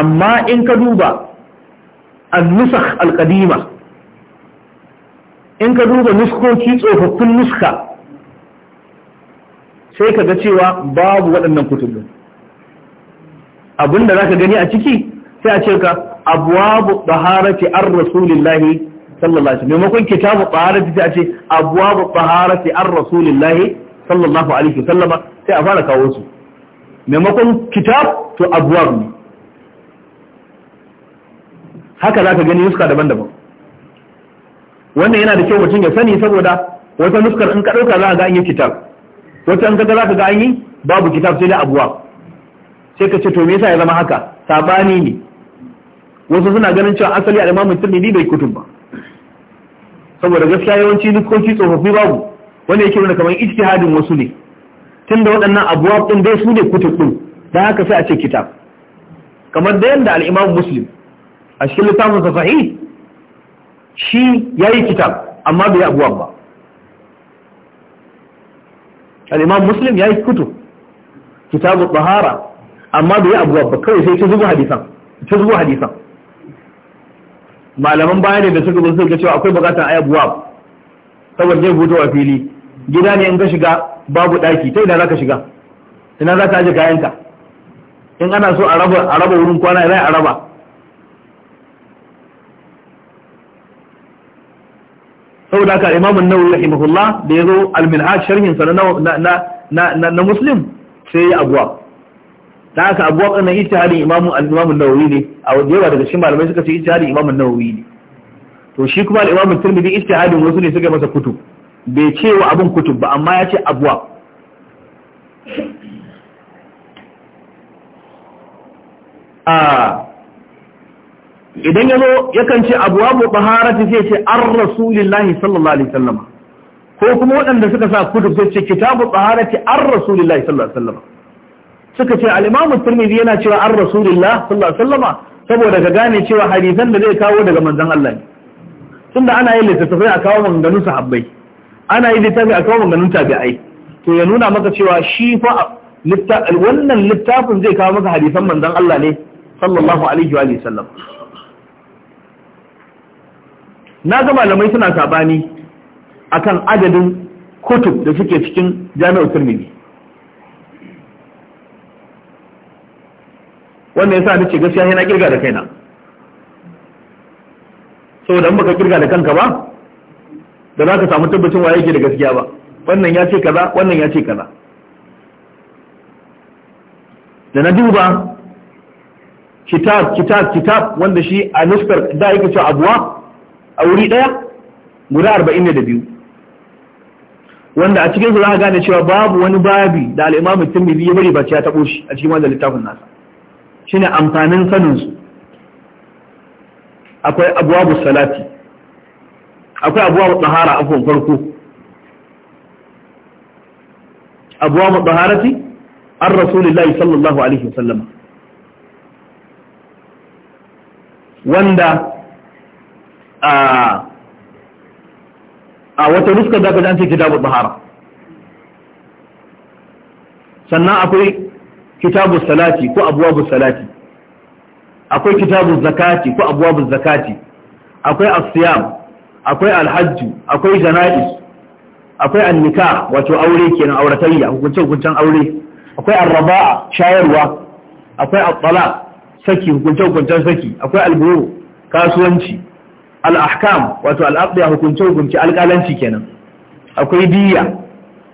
amma in ka duba annusakh alqadima in ka duba nuskoki tsofaffin nuska sai ka ga cewa babu waɗannan kutubin abinda za ka gani a ciki sai a ce ka abuwabu baharati an rasulillahi sallallahu alaihi maimakon kitabu baharati sai a ce abuwabu baharati an rasulillahi sallallahu alaihi sallama sai a fara kawo su maimakon kitab to abuwar ne haka za ka gani nuska daban-daban wannan yana da kyau mutum ya sani saboda wata nuskar in ka za a ga an yi kitab wata in ka za ka ga an yi babu kitab sai da abuwa sai ka ce to me yasa ya zama haka sabani ne wasu suna ganin cewa asali a imamu ne bai kutub ba saboda gaskiya yawanci nuskoki tsofaffi babu wanda yake nuna kamar ijtihadin wasu ne Tun da waɗannan abuwa ɗin dai su ne kutub ɗin da haka sai a ce kitab kamar da yadda al'imam muslim a cikin littafin sa sahi shi ya yi kitab amma bai abuwa ba al'imam muslim ya yi kutub kitabu bahara, amma bai yi abuwa ba kawai sai ta zuba hadisan ta zuba hadisan malaman baya ne da suka zo suka cewa akwai bukatar ayabuwa saboda zai fito a fili gida ne in ka shiga babu daki ta ina zaka shiga ina zaka aje kayanka in ana so a raba a raba wurin kwana ina a raba saboda ka imamu nawawi rahimahullah da yazo al-Minhaj sharhin sa na na na na Muslim sai ya abuwa dan haka abuwa kana ijtihadin imamu al imamu nawawi ne a wajewa daga shi malamai suka ce ijtihadin Imam an-Nawawi ne to shi kuma al imamu at-Tirmidhi ijtihadin wasu ne suka masa kutu bai ce wa abin kutub ba amma ya ce abuwa idan ya zo yakan ce abuwa bu bahara ta ce an rasulillahi sallallahu alaihi sallama ko kuma waɗanda suka sa kutub sai ce kitabu baharati an rasulillahi sallallahu alaihi sallama suka ce al'imamu turmizi yana cewa an rasulillah sallallahu alaihi sallama saboda ka gane cewa hadisan da zai kawo daga manzan Allah ne tunda ana yin littattafai a kawo manganun sahabbai ana yi littafi a kawo maganin tabi'ai to ya nuna maka cewa shi fa wannan littafin zai kawo maka hadisan manzon Allah ne sallallahu alaihi wa sallam na ga malamai suna sabani akan adadin kutub da suke cikin jami'ar Tirmidhi wannan yasa nace gaskiya yana kirga da kaina saboda in baka kirga da kanka ba da za ka samu tabbacin waye yake da gaskiya ba wannan ya ce kaza wannan ya ce kaza da na duba kitab kitab kitab wanda shi a nuskar da yake cewa abuwa a wuri daya guda 42 wanda a cikin su za ka gane cewa babu wani babi da al'imamu tirmidhi ya bari ba ya tabo shi a cikin wannan littafin nasa shine amfanin sanin su akwai abwabus salati akwai abuwa mu tsahara kan farko abuwa mu tsaharati an layi sallallahu alaihi wasallam wanda a a wata nuskar da ka an ce kitabu tsahara sannan akwai kitabu salati ko abuwa salati akwai kitabu zakati ko abuwa zakati akwai asiyam akwai alhajju akwai jana'is akwai annika wato aure kenan auratayya hukuncin hukuncin aure akwai arraba'a shayarwa akwai at saki hukuncin hukuncin saki akwai alburu kasuwanci al'ahkam wato al'abdiya aqdiya hukunci alƙalanci kenan akwai diyya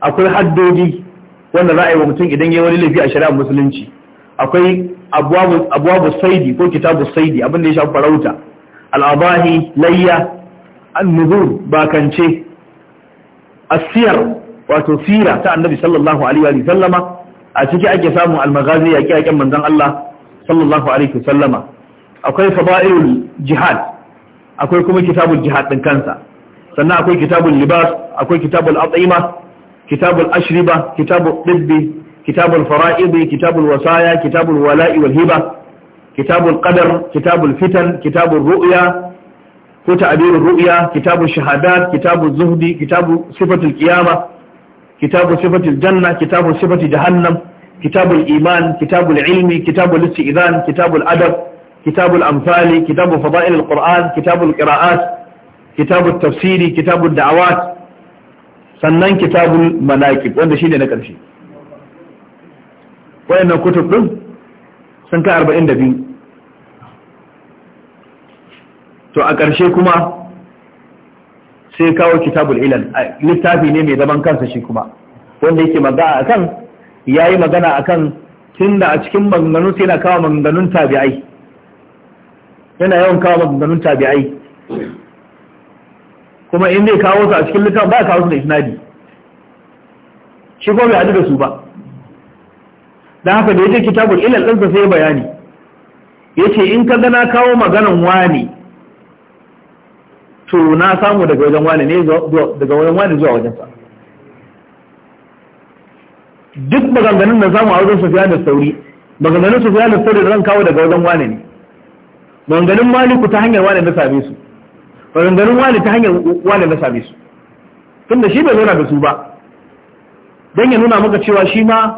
akwai haddodi wanda za a yi wa mutum idan yi wani laifi a shari'ar musulunci akwai abuwa abwabu saidi ko kitabu saidi abin da ya shafi farauta al'abahi layya annubur bakance asiyar wato sira ta annabi sallallahu alaihi wa sallama a ciki ake samun almagazi ya yakin manzon Allah sallallahu alaihi wa sallama akwai fada'ilul jihad akwai kuma kitabul jihad din kansa sannan akwai kitabul libas akwai kitabul at'ima kitabul ashriba kitabul tibbi kitabul fara'id kitabul wasaya kitabul wala'i wal hiba kitabul qadar kitabul fitan kitabul ru'ya ko ta'abirur ru'ya kitabu shahadat kitabu zuhdi kitabu sifatul qiyama kitabu sifatul janna kitabu sifati jahannam kitabu iman kitabu ilmi kitabu isti'zan kitabu adab kitabu amfali kitabu fada'il alquran kitabu alqira'at kitabu tafsiri kitabu da'awat sannan kitabul manaqib wanda shine na karshe wayannan kutub ɗin sun kai 42 to a ƙarshe kuma sai kawo kitabul ilal littafi ne mai zaman kansa shi kuma wanda yake magana ya yi magana a tun tunda a cikin maganganun sai yana kawo maganganun tabi'ai yana yawan kawo maganganun tabi'ai kuma in zai kawo su a cikin littafin ba kawo su da isnadi shi kuma bai hadu da su ba dan haka da yake kitabul ilal din sai bayani yace in ka gana kawo maganan wani to na samu daga wajen wani ne daga wajen wani zuwa wajen sa duk maganganun da zamu a wajen fiya da sauri, maganganun fiya da sauri ran kawo daga wajen wani ne maganganun Maliku ta hanyar wani na same su maganganun wani ta hanyar wani na same su tunda shi bai zauna da su ba don ya nuna maka cewa shi ma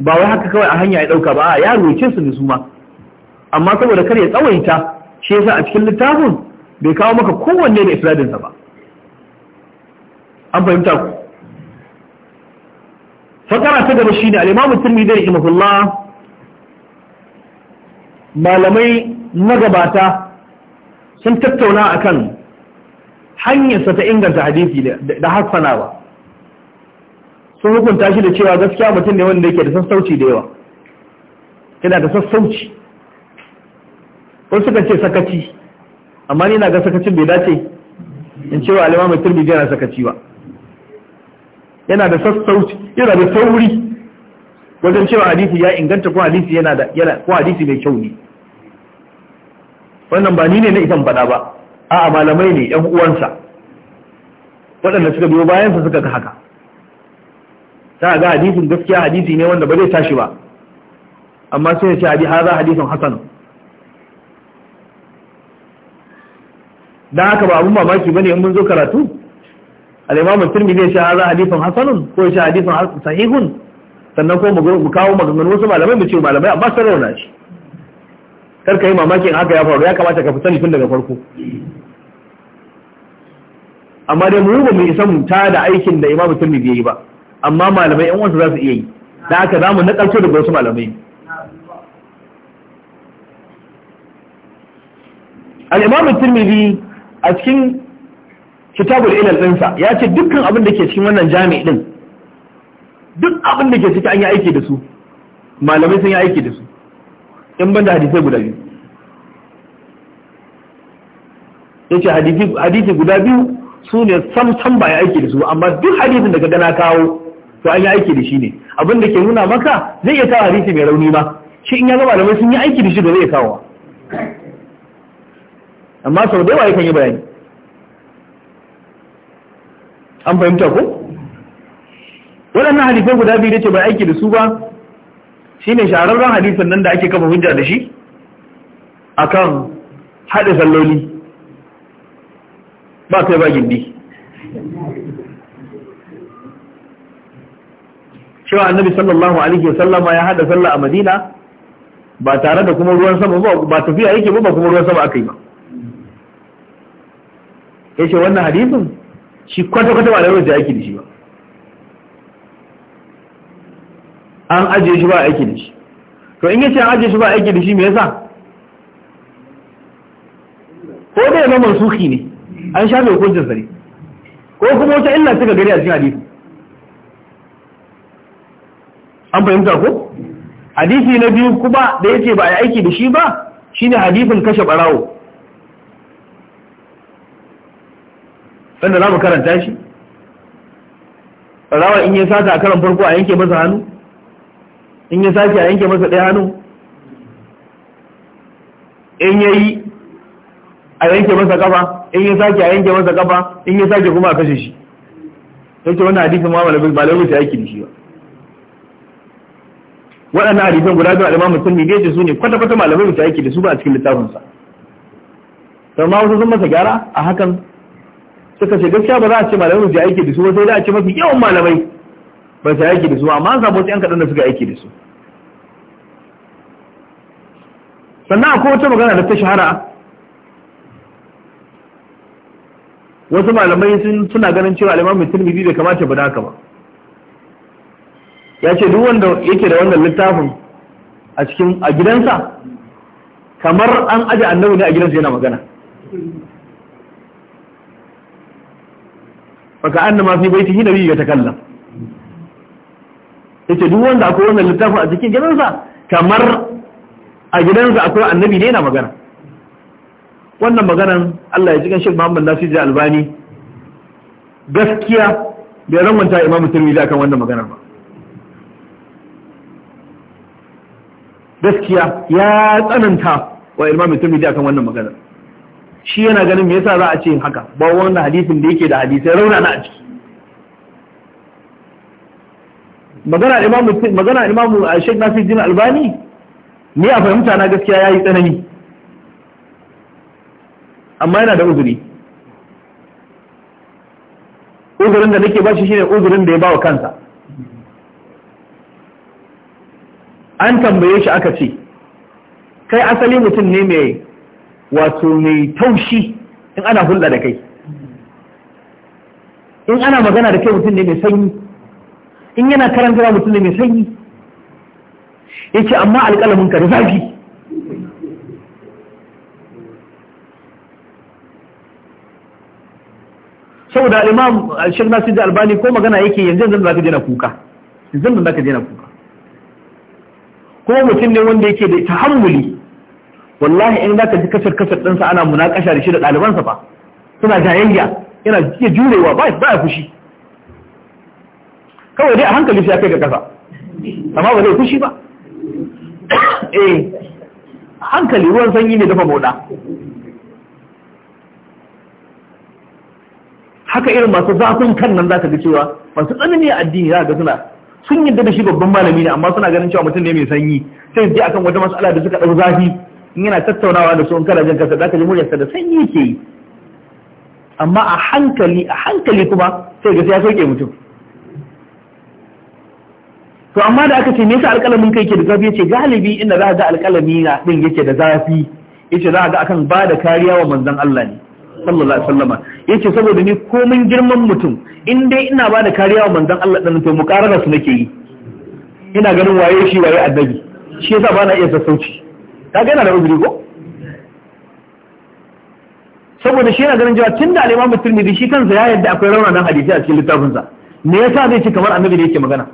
ba wai haka kawai a hanya ya dauka ba ya roke su da su ma amma saboda kar ya tsawaita shi yasa a cikin littafin bai kawo maka kowanne da isnadinsa ba an fahimta ku fakara ta gaba shine al turmi tirmidhi rahimahullah malamai magabata sun tattauna a kan hanyarsa ta inganta hadisi da ba. sun hukunta shi da cewa gaskiya mutum ne wanda yake da sassauci da yawa yana da sassauci wasu suka ce sakaci amma ni na ga sakacin bai dace in ce wa alimamai turbi yana sakaci ba yana da sassauci yana da sauri wajen cewa hadisi ya inganta ko hadisi yana da yana ko hadisi mai kyau ne wannan ba ni ne na isan faɗa ba a'a malamai ne 'yan uwansa waɗanda suka biyo bayansa suka ga haka ta ga hadisin gaskiya hadisi ne wanda ba zai tashi ba amma sai ya ce hadi haza hadisin hasan dan haka ba abun mamaki bane in mun zo karatu al-imam at-tirmidhi sha hadha hadithun hasanun ko sha hadithun sahihun sannan ko mu kawo maganganun wasu malamai mu ce malamai amma sun rauna shi kar ka yi mamakin haka ya faru ya kamata ka fi sani tun daga farko amma dai mu ba mu isa mu ta da aikin da imamu turmi bai yi ba amma malamai yan wasu za su iya yi dan haka za mu nakalto daga wasu malamai al-imamu turmi a cikin kitabul ilal ɗinsa ya ce dukkan abin da ke cikin wannan jami ɗin duk abin da ke ciki an yi aiki da su malamai sun yi aiki da su in ban da hadisai guda biyu ya ce hadisi guda biyu su ne sam ba ya aiki da su amma duk hadisin da ka gana kawo to an yi aiki da shi ne abin da ke nuna maka zai iya kawo hadisi mai rauni ba shi in ya zama malamai sun yi aiki da shi da zai kawo amma sau da yawa yakan yi bayani an fahimta ko waɗannan hadisai guda biyu da ce bai aiki da su ba shi ne shahararren hadisin nan da ake kafa hujja da shi a kan haɗe salloli ba kai ba gindi cewa annabi sallallahu alaihi wasallama ya haɗa sallah a madina ba tare da kuma ruwan sama ba tafiya yake ba kuma ruwan sama aka yi ba ya ce wannan hadisin shi kwata-kwata ba da da aiki da shi ba an ajiye shi ba aiki da shi to in yace an ajiye shi ba aiki da shi me yasa ko da yana mansuki ne an sha mai sa ne ko kuma wata illa suka gari a cikin hadisi an fahimta ko hadisi na biyu kuma da yace ba a aiki da shi ba shine hadisin kashe barawo wanda za mu karanta shi rawa in ya sata a karan farko a yanke masa hannu in ya sake a yanke masa ɗaya hannu in ya yi a yanke masa kafa in ya sake a yanke masa kafa in ya sake kuma a kashe shi yake ce wannan hadisin mu'amala bil ba lalle ta da shi ba waɗannan hadisan guda biyu a imam Muslim ne ce su ne kwata kwata malamai ta aiki da su ba a cikin littafinsa. sau ma wasu sun masa gyara a hakan suka ce gaskiya ba za a ce malamai su aiki da su ba sai da a ce mafi yawan malamai ba su aiki da su amma an samu wasu 'yan kaɗan da suka aiki da su sannan akwai wata magana da ta shahara wasu malamai sun suna ganin cewa alimamin biyu bai kamata ba haka ba ya ce duk wanda yake da wannan littafin a cikin a gidansa kamar an aje annabi ne a gidansa yana magana faka annama fi hinari ga ya takallam ce duk wanda akwai wannan littafin a cikin gidansa kamar a gidansa akwai annabi ne na magana wannan maganan Allah ya ji ganshin Muhammad Nasir Albani gaskiya bai ramanta Imam Tirmidhi akan wannan maganar ba gaskiya ya tsananta wa Imam Tirmidhi akan wannan maganar shi yana ganin me yasa za a ce haka ba wanda hadisin da yake da hadisai rauna na a ciki magana imamu magana imamu Sheikh Nasiruddin Albani ni a fahimta na gaskiya yayi tsanani amma yana da uzuri uzurin da nake bashi shine uzurin da ya bawa kansa an tambaye shi aka ce kai asali mutum ne mai wato mai taushi in ana hulɗa da kai in ana magana da kai mutum ne mai sanyi in yana karanta mutum ne mai sanyi ya ce amma alƙalamin ka da zafi saboda imam shek nasu da albani ko magana yake yanzu yanzu zaka jina kuka yanzu zaka jina kuka kuma mutum ne wanda yake da hamuli wallahi in ka ji kasar kasar din ana munakasha da shi da ɗalibansa ba, fa suna jayayya yana iya jurewa ba ya fushi kawai dai a hankali sai ya kai ga kasa amma ba zai fushi ba eh hankali ruwan sanyi ne dafa bauɗa. haka irin masu zafin kan nan ka ga cewa masu tsanani a addini za ga suna sun yadda da shi babban malami ne amma suna ganin cewa mutum ne mai sanyi sai je akan wata mas'ala da suka ɗau zafi in yana tattaunawa da su in kana jin kasa zaka ji muryarsa da sanyi ke yi amma a hankali a hankali kuma sai ga sai ya soke mutum to amma da aka ce me yasa alƙalamin kai ke da zafi yace galibi inda za ga alƙalami na din yake da zafi yace za ga akan ba da kariya wa manzon Allah ne sallallahu alaihi wasallam yace saboda ni mun girman mutum in dai ina ba da kariya wa manzon Allah din to mukarara su nake yi ina ganin waye shi waye addabi shi yasa ba na iya sassauci kaga yana da uzuri ko saboda shi yana ganin cewa tun da al-Imam Tirmidhi shi kansa ya yadda akwai raunanan hadisi a cikin littafinsa me yasa zai ce kamar annabi ne yake magana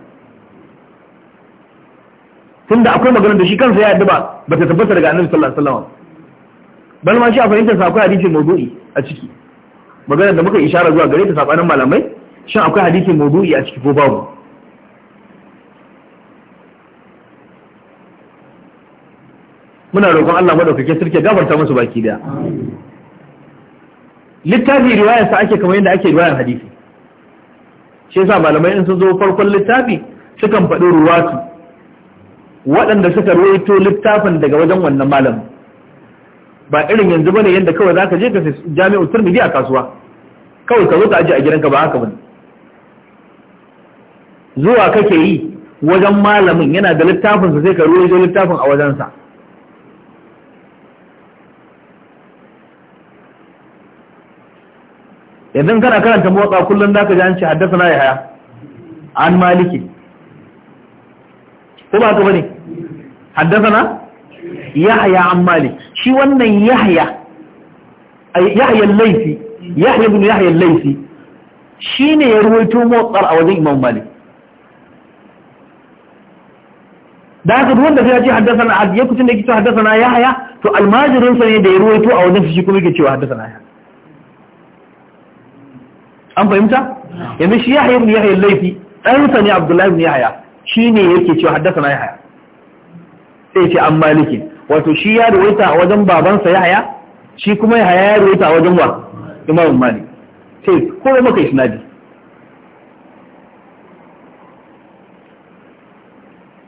tunda akwai magana da shi kansa ya yadda ba ba ta tabbata daga annabi sallallahu alaihi wasallam bal ma shi a fahimtar sa akwai hadisi mawdu'i a ciki magana da muka isharar zuwa gare ta sabanin malamai shin akwai hadisi mawdu'i a ciki ko babu muna roƙon Allah madaukakin sarki gafarta musu baki daya littafi riwayar sa ake kamar yadda ake riwayar hadisi shi yasa malamai in sun zo farkon littafi sukan faɗi ruwatu waɗanda suka ruwaito littafin daga wajen wannan malamin ba irin yanzu bane yadda kawai zaka je ka jami'u turmidi a kasuwa kawai ka zo ka aje a gidanka ba haka bane zuwa kake yi wajen malamin yana da littafin sa sai ka ruwaito littafin a wajensa yanzu kana karanta motsa kullum zaka ji an ce haddasa na yaya an maliki ko ba ka bane na yahaya an maliki shi wannan yahaya yahya laifi laythi bin ibn laifi shi ne shine ya ruwaito motsar a wajen imam malik da haka duk wanda ya ce haddasa ya kucin da yake cewa haddasa na yahaya to almajirin sa ne da ya ruwaito a wajen shi kuma yake cewa haddasa na yahya an fahimta yanzu shi ya haifin ya haifin laifi ɗansa ne abdullahi ibn yahya shine yake cewa haddasa na ya haya, sai ce an maliki wato shi ya ruwaita a wajen babansa ya haya, shi kuma ya haya ya ruwaita a wajen wa imam malik sai ko maka isnadi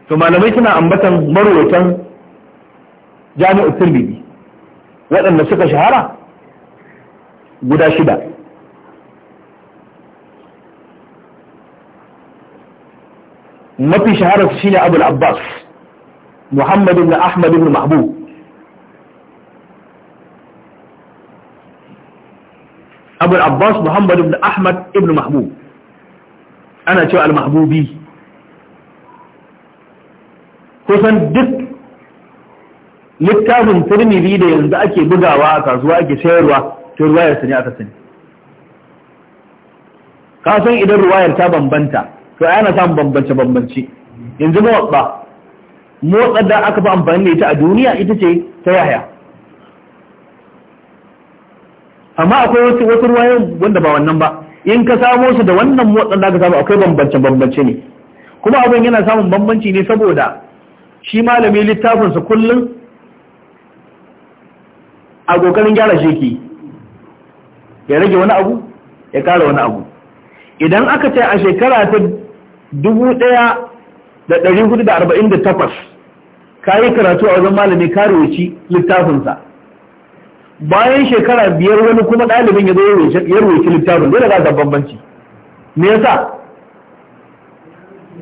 to malamai suna ambatan marwatan jami'u tirmidhi waɗanda suka shahara guda shida mafi shahararsu shine abul abbas muhammadin ibn ahmad ibn mahbub abul abbas muhammad ibn ahmad ibn mahbub ana cewa al-mahbubi kusan duk littafin turmiri da yanzu ake bugawa a kasuwa ake sayarwa to ruwayar sani aka sani kasan idan ruwayar ta bambanta to yana samun bambance bambance yanzu motsa motsa da aka fi amfani da ita a duniya ita ce ta yaya. amma akwai wasu wasu wanda ba wannan ba in ka samo su da wannan motsa da aka samu akwai bambance bambance ne kuma abin yana samun bambanci ne saboda shi malami littafinsa kullum a kokarin gyara sheki ya rage wani abu ya kara wani abu idan aka ce a shekara ta dubu ɗaya da ɗari da arba'in da takwas ka yi karatu a wajen malami kare roci littafinsa bayan shekara biyar wani kuma ɗalibin ya zo ya roci littafin dole za ta bambanci me yasa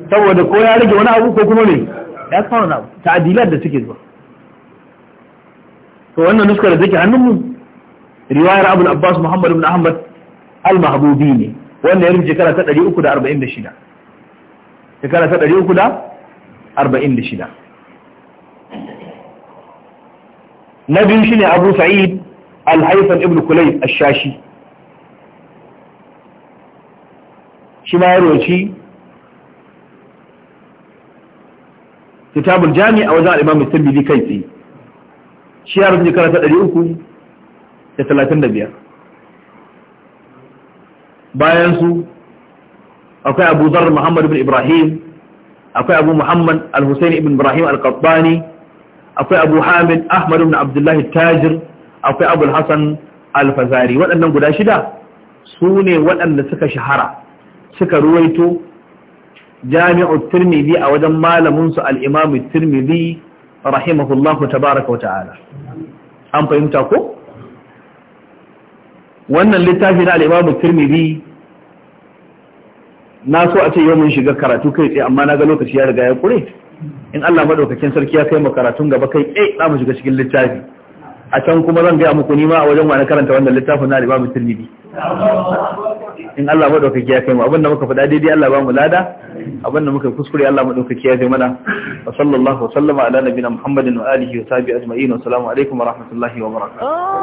saboda ko ya rage wani abu ko kuma ne ya kawo na ta'adilar da suke zuwa to wannan nuskar da take hannunmu riwayar abul abbas muhammad ibn ahmad al-mahbubi ne wanda ya rubuce kara ta 346 shekara ta ɗari uku da arba'in da shida na biyu shine abu sa'id alhaifan ibn kulai shashi shi ma ya roci kitabul jami a wajen al'imam musulmi kai tsaye shi ya shekara karata ɗari uku da talatin da biyar bayan su akwai abu zar muhammad ibn ibrahim akwai abu muhammad al-husaini ibn ibrahim al-qabbani akwai abu hamid ahmad ibn abdullahi tajir akwai abu hassan al-fazari waɗannan guda shida su ne waɗanda suka shahara suka ruwaito jami'u tirmidhi a wajen malaminsu al-imam tirmidhi rahimahullahu tabaraka ta'ala an fahimta ko wannan littafi na al-imam na so a ce yau mun shiga karatu kai tsaye amma na ga lokaci ya riga ya kure in Allah madaukakin sarki ya kai mu karatun gaba kai eh za mu shiga cikin littafi a can kuma zan gaya muku nima a wajen wani karanta wannan littafin na Imam Tirmidhi in Allah madaukaki ya kai mu abinda muka faɗa daidai Allah ba mu lada abinda muka kuskure Allah madaukaki ya kai mana wa sallallahu wa sallama ala nabiyina Muhammadin wa alihi wa sahbihi ajma'in wa assalamu alaikum wa rahmatullahi wa barakatuh